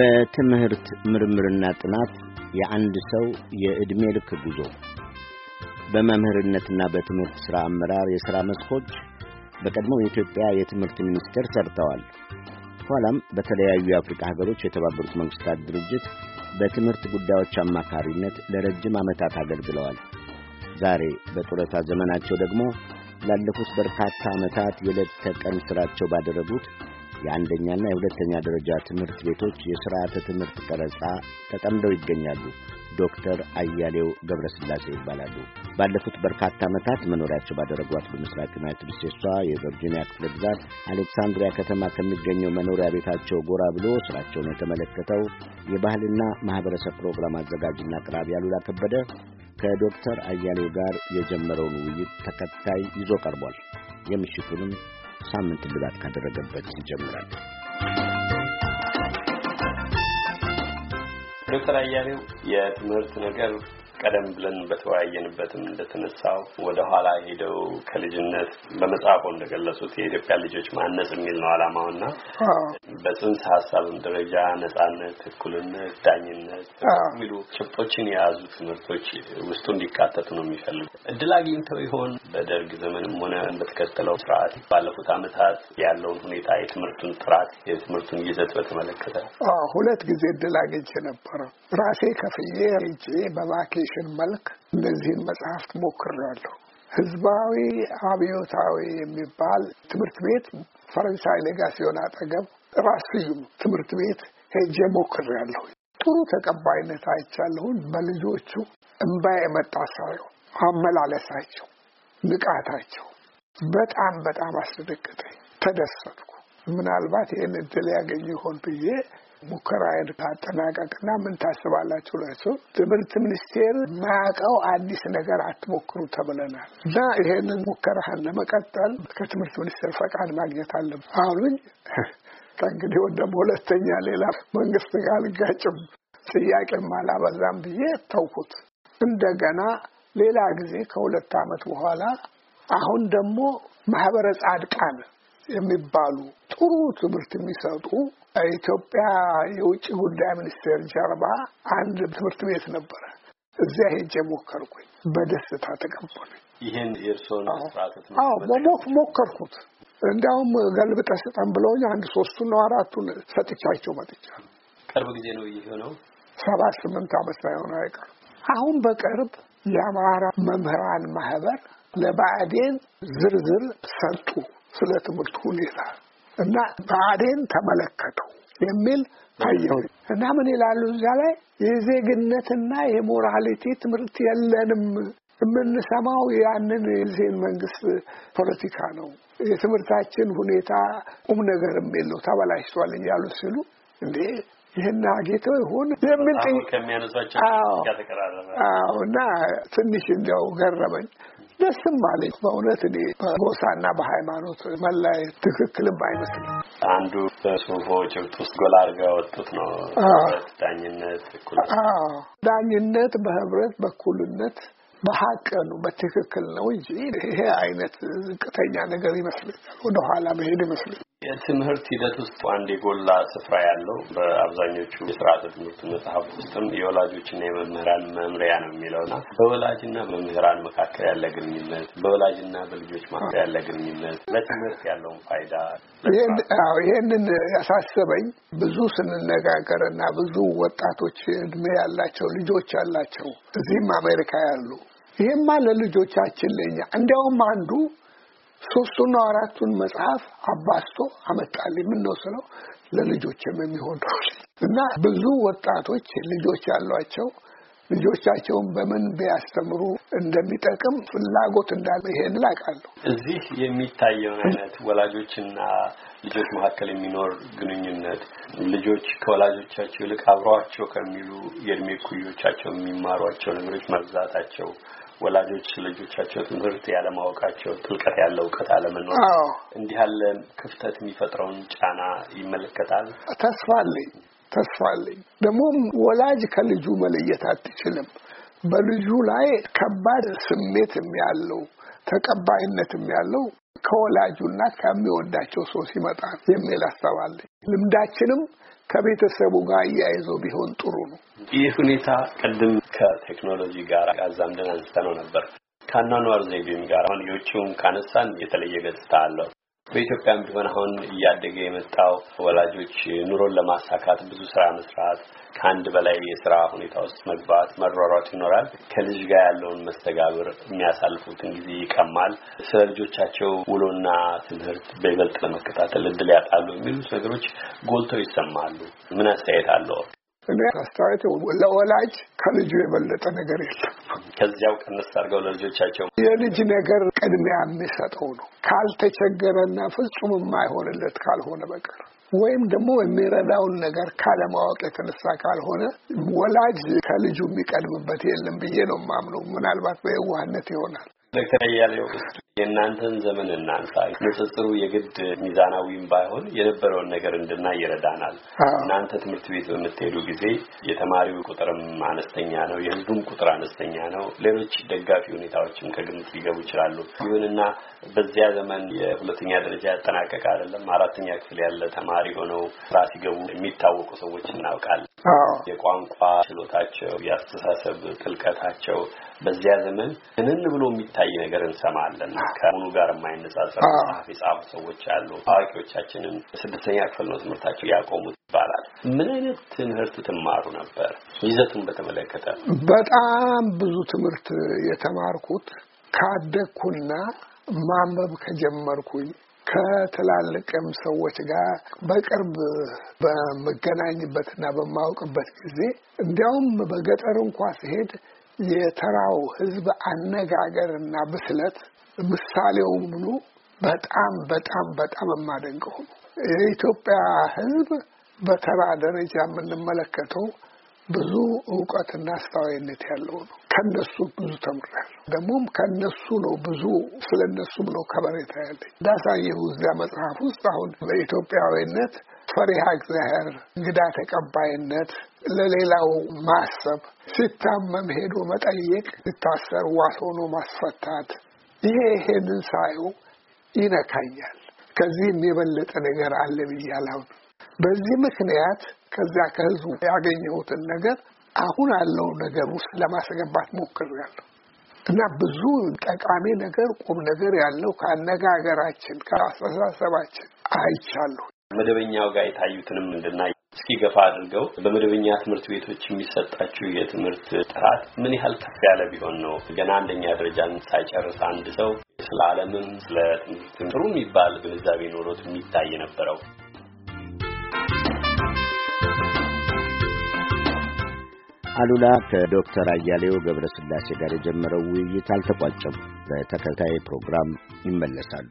በትምህርት ምርምርና ጥናት የአንድ ሰው የዕድሜ ልክ ጉዞ በመምህርነትና በትምህርት ሥራ አመራር የሥራ መስኮች በቀድሞው የኢትዮጵያ የትምህርት ሚኒስቴር ሠርተዋል። ኋላም በተለያዩ የአፍሪካ ሀገሮች የተባበሩት መንግሥታት ድርጅት በትምህርት ጉዳዮች አማካሪነት ለረጅም ዓመታት አገልግለዋል። ዛሬ በጡረታ ዘመናቸው ደግሞ ላለፉት በርካታ ዓመታት የዕለት ተቀን ሥራቸው ባደረጉት የአንደኛና የሁለተኛ ደረጃ ትምህርት ቤቶች የሥርዓተ ትምህርት ቀረጻ ተጠምደው ይገኛሉ። ዶክተር አያሌው ገብረስላሴ ይባላሉ። ባለፉት በርካታ ዓመታት መኖሪያቸው ባደረጓት በምስራቅ ዩናይትድ ስቴትሷ የቨርጂኒያ ክፍለ ግዛት አሌክሳንድሪያ ከተማ ከሚገኘው መኖሪያ ቤታቸው ጎራ ብሎ ስራቸውን የተመለከተው የባህልና ማኅበረሰብ ፕሮግራም አዘጋጅና አቅራቢ አሉላ ከበደ ከዶክተር አያሌው ጋር የጀመረውን ውይይት ተከታይ ይዞ ቀርቧል። የምሽቱንም ሳምንት ልባት ካደረገበት ይጀምራል። ዶክተር አያሌው የትምህርት ነገር ቀደም ብለን በተወያየንበትም እንደተነሳው ወደ ኋላ ሄደው ከልጅነት በመጽሐፎ እንደገለጹት የኢትዮጵያ ልጆች ማነጽ የሚል ነው ዓላማውና በጽንሰ ሀሳብም ደረጃ ነጻነት፣ እኩልነት፣ ዳኝነት የሚሉ ጭብጦችን የያዙ ትምህርቶች ውስጡ እንዲካተቱ ነው የሚፈልጉ። እድል አግኝተው ይሆን በደርግ ዘመንም ሆነ በተከተለው ስርዓት ባለፉት አመታት ያለውን ሁኔታ የትምህርቱን ጥራት የትምህርቱን ይዘት በተመለከተ ሁለት ጊዜ እድል አግኝቼ ነበረ ራሴ ከፍዬ ሄጄ በኮሚሽን መልክ እነዚህን መጽሐፍት ሞክሬያለሁ። ህዝባዊ አብዮታዊ የሚባል ትምህርት ቤት ፈረንሳይ ሌጋሲዮን አጠገብ ራስ ስዩም ትምህርት ቤት ሄጄ ሞክሬያለሁ። ጥሩ ተቀባይነት አይቻለሁን። በልጆቹ እምባ የመጣ ሳየው አመላለሳቸው፣ ንቃታቸው በጣም በጣም አስደነገጠኝ። ተደሰቱ። ምናልባት ይህን እድል ያገኝ ይሆን ብዬ ሙከራዬን ታጠናቀቅና ምን ታስባላችሁ ላቸው ትምህርት ሚኒስቴር የማያውቀው አዲስ ነገር አትሞክሩ ተብለናል እና ይሄንን ሙከራህን ለመቀጠል ከትምህርት ሚኒስቴር ፈቃድ ማግኘት አለብ አሉኝ። ከእንግዲህ ደግሞ ሁለተኛ ሌላ መንግስት ጋር አልጋጭም ጥያቄም አላበዛም ብዬ ተውኩት። እንደገና ሌላ ጊዜ ከሁለት ዓመት በኋላ አሁን ደግሞ ማህበረ ጻድቃን የሚባሉ ጥሩ ትምህርት የሚሰጡ ኢትዮጵያ የውጭ ጉዳይ ሚኒስቴር ጀርባ አንድ ትምህርት ቤት ነበረ። እዚያ ሄጄ ሞከርኩኝ። በደስታ ተቀበሉ። ይህን የእርስዎን ስርዓት ሞከርኩት። እንዲያውም ገልብጠ ስጠን ብለውኝ አንድ ሶስቱን ነው አራቱን ሰጥቻቸው መጥቻለሁ። ቅርብ ጊዜ ነው ይህ ነው ሰባት ስምንት ዓመት ሳይሆን አይቀርም። አሁን በቅርብ የአማራ መምህራን ማህበር ለባዕዴን ዝርዝር ሰጡ። ስለ ትምህርቱ ሁኔታ እና ብአዴን ተመለከተው የሚል ታየው እና ምን ይላሉ እዚያ ላይ የዜግነትና የሞራሊቲ ትምህርት የለንም የምንሰማው ያንን የዜን መንግስት ፖለቲካ ነው። የትምህርታችን ሁኔታ ቁም ነገርም የለው ተበላሽቷል እያሉ ሲሉ እንዴ ይህን አጌተው ይሆን የሚል እና ትንሽ እንዲያው ገረመኝ። ደስም አለኝ። በእውነት እኔ በጎሳና በሃይማኖት መለያየት ትክክልም አይመስልም። አንዱ በጽሁፎ ጭብጥ ውስጥ ጎላ አድርገው ወጡት ነው ዳኝነት፣ ዳኝነት በህብረት በኩልነት በሀቅ ነው በትክክል ነው እንጂ ይሄ አይነት ዝቅተኛ ነገር ይመስለኛል። ወደኋላ መሄድ ይመስለኛል። የትምህርት ሂደት ውስጥ አንድ የጎላ ስፍራ ያለው በአብዛኞቹ የስርዓተ ትምህርት መጽሐፍ ውስጥም የወላጆችና የመምህራን መምሪያ ነው የሚለውና በወላጅና በመምህራን መካከል ያለ ግንኙነት፣ በወላጅና በልጆች መካከል ያለ ግንኙነት ለትምህርት ያለውን ፋይዳ ይህንን ያሳሰበኝ ብዙ ስንነጋገር እና ብዙ ወጣቶች እድሜ ያላቸው ልጆች ያላቸው እዚህም አሜሪካ ያሉ ይህማ ለልጆቻችን ለኛ እንዲያውም አንዱ ሶስቱና አራቱን መጽሐፍ አባስቶ አመጣልኝ። ምን ነው ስለው ለልጆችም የሚሆን እና ብዙ ወጣቶች ልጆች ያሏቸው ልጆቻቸውን በምን ቢያስተምሩ እንደሚጠቅም ፍላጎት እንዳለ ይሄን ላቃለሁ። እዚህ የሚታየው አይነት ወላጆችና ልጆች መካከል የሚኖር ግንኙነት ልጆች ከወላጆቻቸው ይልቅ አብረዋቸው ከሚሉ የእድሜ ኩዮቻቸው የሚማሯቸው ነገሮች መብዛታቸው ወላጆች ልጆቻቸው ትምህርት ያለማወቃቸው ጥልቀት ያለው እውቀት አለመኖር እንዲህ ያለ ክፍተት የሚፈጥረውን ጫና ይመለከታል። ተስፋ አለኝ ተስፋ አለኝ። ደግሞም ወላጅ ከልጁ መለየት አትችልም። በልጁ ላይ ከባድ ስሜትም ያለው ተቀባይነትም ያለው ከወላጁና ከሚወዳቸው ሰው ሲመጣ የሚል አሳብ ልምዳችንም ከቤተሰቡ ጋር እያይዘው ቢሆን ጥሩ ነው። ይህ ሁኔታ ቅድም ከቴክኖሎጂ ጋር አዛምደን አንስተነው ነበር። ከአኗኗር ዘይቤም ጋር አሁን የውጭውን ካነሳን የተለየ ገጽታ አለው። በኢትዮጵያም ቢሆን አሁን እያደገ የመጣው ወላጆች ኑሮን ለማሳካት ብዙ ስራ መስራት፣ ከአንድ በላይ የስራ ሁኔታ ውስጥ መግባት፣ መሯሯጥ ይኖራል። ከልጅ ጋር ያለውን መስተጋብር የሚያሳልፉትን ጊዜ ይቀማል። ስለ ልጆቻቸው ውሎና ትምህርት በይበልጥ ለመከታተል እድል ያጣሉ የሚሉት ነገሮች ጎልተው ይሰማሉ። ምን አስተያየት አለው? እኔ አስተያየት ለወላጅ ከልጁ የበለጠ ነገር የለም። ከዚያው ቀንስ አድርገው ለልጆቻቸው የልጅ ነገር ቅድሚያ የሚሰጠው ነው ካልተቸገረና ፍጹም የማይሆንለት ካልሆነ በቀር ወይም ደግሞ የሚረዳውን ነገር ካለማወቅ የተነሳ ካልሆነ ወላጅ ከልጁ የሚቀድምበት የለም ብዬ ነው የማምነው። ምናልባት በየዋህነት ይሆናል። ዶክተር አያሌው የእናንተን ዘመን እናንሳ። ንጽጽሩ የግድ ሚዛናዊም ባይሆን የነበረውን ነገር እንድናይ ይረዳናል። እናንተ ትምህርት ቤት በምትሄዱ ጊዜ የተማሪው ቁጥርም አነስተኛ ነው፣ የህዝቡም ቁጥር አነስተኛ ነው። ሌሎች ደጋፊ ሁኔታዎችም ከግምት ሊገቡ ይችላሉ። ይሁንና በዚያ ዘመን የሁለተኛ ደረጃ ያጠናቀቀ አይደለም አራተኛ ክፍል ያለ ተማሪ ሆነው ስራ ሲገቡ የሚታወቁ ሰዎች እናውቃለን። የቋንቋ ችሎታቸው፣ የአስተሳሰብ ጥልቀታቸው በዚያ ዘመን እንን ብሎ የሚታይ ነገር እንሰማለን። ከአሁኑ ጋር የማይነጻጸር መጽሐፍ የጻፉ ሰዎች አሉ። አዋቂዎቻችንም ስድስተኛ ክፍል ነው ትምህርታቸው ያቆሙት ይባላል። ምን አይነት ትምህርት ትማሩ ነበር? ይዘቱን በተመለከተ በጣም ብዙ ትምህርት የተማርኩት ካደግኩና ማንበብ ከጀመርኩኝ ከትላልቅም ሰዎች ጋር በቅርብ በመገናኝበትና በማውቅበት ጊዜ እንዲያውም በገጠር እንኳ ሲሄድ የተራው ሕዝብ አነጋገርና ብስለት ምሳሌው ሙሉ በጣም በጣም በጣም የማደንቀው ነው። የኢትዮጵያ ሕዝብ በተራ ደረጃ የምንመለከተው ብዙ እውቀትና አስተዋይነት ያለው ነው። ከነሱ ብዙ ተምሬያለሁ። ደግሞም ከነሱ ነው ብዙ ስለነሱ ነው ከበሬታ ያለኝ። እንዳሳየሁ እዚያ መጽሐፍ ውስጥ አሁን በኢትዮጵያዊነት ፈሪሃ እግዚአብሔር፣ እንግዳ ተቀባይነት፣ ለሌላው ማሰብ፣ ሲታመም ሄዶ መጠየቅ፣ ሲታሰር ዋስ ሆኖ ማስፈታት፣ ይሄ ይሄንን ሳየው ይነካኛል። ከዚህም የበለጠ ነገር አለ ብያለሁ። በዚህ ምክንያት ከዚያ ከህዝቡ ያገኘሁትን ነገር አሁን ያለው ነገር ውስጥ ለማስገባት ያለው እና ብዙ ጠቃሚ ነገር ቁም ነገር ያለው ከአነጋገራችን ከአስተሳሰባችን አይቻለሁ። መደበኛው ጋር የታዩትንም እንድናይ እስኪ ገፋ አድርገው በመደበኛ ትምህርት ቤቶች የሚሰጣችው የትምህርት ጥራት ምን ያህል ከፍ ያለ ቢሆን ነው? ገና አንደኛ ደረጃን ሳይጨርስ አንድ ሰው ስለ አለምም ስለ ትምህርትም ጥሩ የሚባል ግንዛቤ ኖሮት የሚታይ ነበረው? አሉላ ከዶክተር አያሌው ገብረስላሴ ጋር የጀመረው ውይይት አልተቋጨም። በተከታይ ፕሮግራም ይመለሳሉ።